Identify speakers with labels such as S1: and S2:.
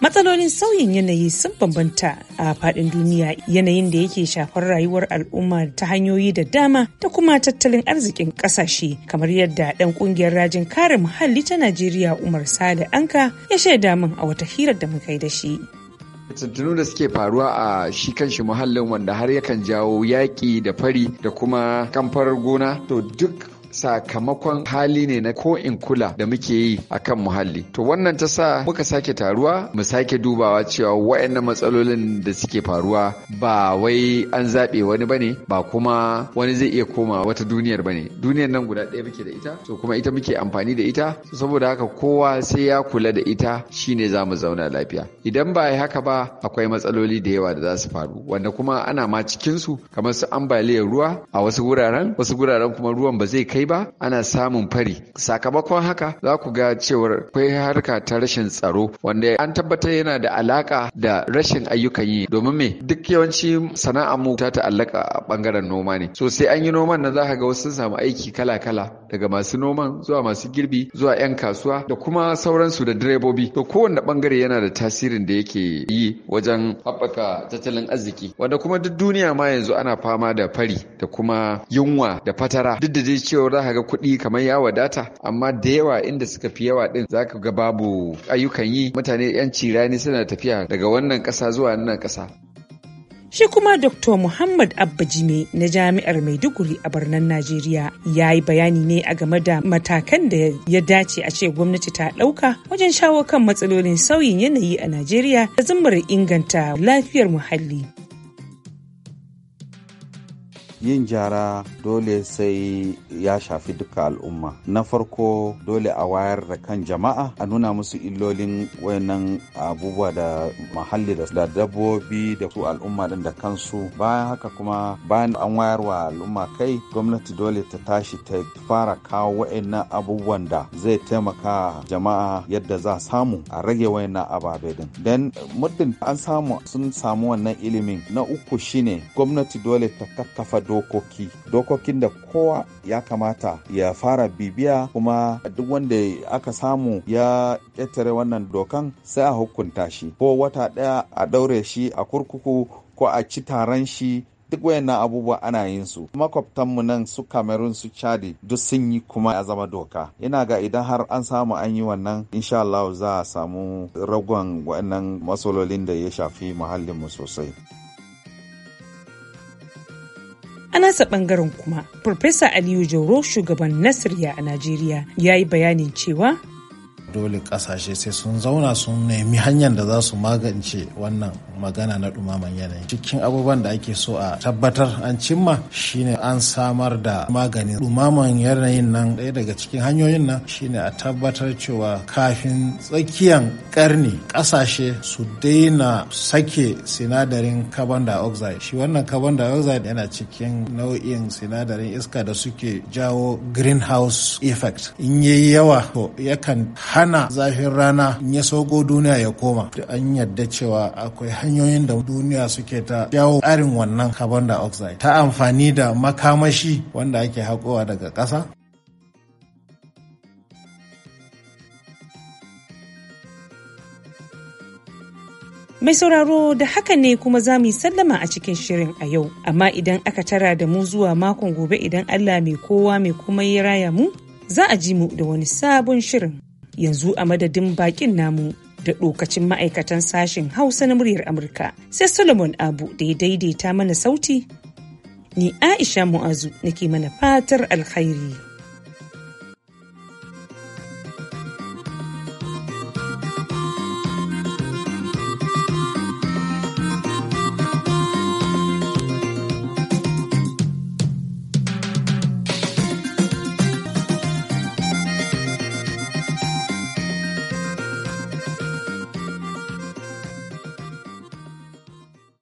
S1: matsalolin sauyin yanayi sun bambanta a faɗin duniya yanayin da yake shafar rayuwar al'umma ta hanyoyi da dama da kuma tattalin arzikin ƙasashe kamar yadda ɗan ƙungiyar rajin kare muhalli ta najeriya umar sale anka ya shaida min a wata hirar da muka yi da shi
S2: tuntunu da suke faruwa a shi kanshi muhallin wanda har yakan jawo yaƙi da fari da kuma kamfar gona to duk sakamakon hali ne na ko in kula da muke yi a kan muhalli to wannan ta sa muka sake taruwa mu sake dubawa cewa waɗannan matsalolin da suke faruwa ba wai an zaɓe wani bane ba kuma wani zai iya koma wata duniyar bane duniyar nan guda ɗaya muke da ita to kuma ita muke amfani da ita saboda haka kowa sai ya kula da ita shine za mu zauna lafiya idan ba haka ba akwai matsaloli da yawa da za su faru wanda kuma ana ma cikinsu kamar su ambaliyar ruwa a wasu wuraren wasu wuraren kuma ruwan ba zai kai kai ba ana samun fari sakamakon haka za ku ga cewar akwai harka ta rashin tsaro wanda an tabbatar yana da alaka da rashin ayyukan yi domin me duk yawanci sana'ar mu ta ta'allaka a bangaren noma ne so sai an yi noman na za ka ga wasu sun samu aiki kala-kala daga masu noman zuwa masu girbi zuwa 'yan kasuwa da kuma sauransu da direbobi to kowanne bangare yana da tasirin da yake yi wajen haɓaka tattalin arziki wanda kuma duk duniya ma yanzu ana fama da fari da kuma yunwa da fatara duk da dai cewa za ka ga kuɗi kamar ya wadata amma da yawa inda suka fi yawa din zaka ga babu ayyukan yi mutane yan cirani suna tafiya daga wannan ƙasa zuwa wannan ƙasa
S1: Shi kuma Dr. Muhammad Abba Jime na Jami'ar Maiduguri a birnin Najeriya ya yi bayani ne a game da matakan da ya dace a ce gwamnati ta ɗauka wajen shawo kan matsalolin sauyin yanayi a Najeriya da zumar inganta lafiyar muhalli.
S3: yin jara dole sai ya shafi duka al'umma na farko dole a wayar da kan jama'a a nuna musu illolin wayannan abubuwa da muhalli da dabbobi da su al'umma din da kansu bayan haka kuma bayan an wayar wa al'umma kai gwamnati dole ta tashi ta fara kawo wayannan abubuwan da zai taimaka jama'a yadda za samu a rage wayannan ababe din dan muddin an samu sun samu wannan ilimin na uku shine gwamnati dole ta kakkafa dokoki dokokin da kowa ya kamata ya fara bibiya kuma duk wanda aka samu ya ƙetare wannan dokan sai a hukunta shi ko wata ɗaya a ɗaure shi a kurkuku ko a ci taron shi duk wayannan abubuwa ana yin su makwabtanmu nan su kamerun su chadi duk sun yi kuma ya zama doka ina ga idan har an samu an yi wannan insha Allah za a samu ragon wannan masololin da ya shafi muhallinmu sosai
S1: nasa bangaren kuma Profesa Aliyu Jauro shugaban Nasirya a Najeriya ya yi bayanin cewa
S4: dole kasashe sai sun zauna sun nemi hanyar da za su magance wannan magana na dumaman yanayi cikin abubuwan da ake so a tabbatar an cimma shine an samar da maganin dumaman yanayin nan ɗaya daga cikin hanyoyin nan shine a tabbatar cewa kafin tsakiyan karni kasashe su daina sake sinadarin carbon dioxide shi wannan carbon dioxide yana cikin nau'in sinadarin iska da suke jawo greenhouse effect in yayi yawa to yakan hana zafin rana in ya sauko duniya ya koma da an yadda cewa akwai hanyoyin da duniya suke ta jawo ƙarin wannan carbon dioxide ta amfani da makamashi wanda ake haƙowa daga ƙasa
S1: Mai sauraro da haka ne kuma za mu sallama a cikin shirin a yau, amma idan aka tara da mu zuwa makon gobe idan Allah mai kowa mai kuma ya raya mu, za a ji mu da wani sabon shirin. yanzu a madadin bakin namu da ɗokacin ma'aikatan sashen hausa na muryar amurka sai solomon abu da ya daidaita mana sauti ni aisha mu'azu nake mana fatar alkhairi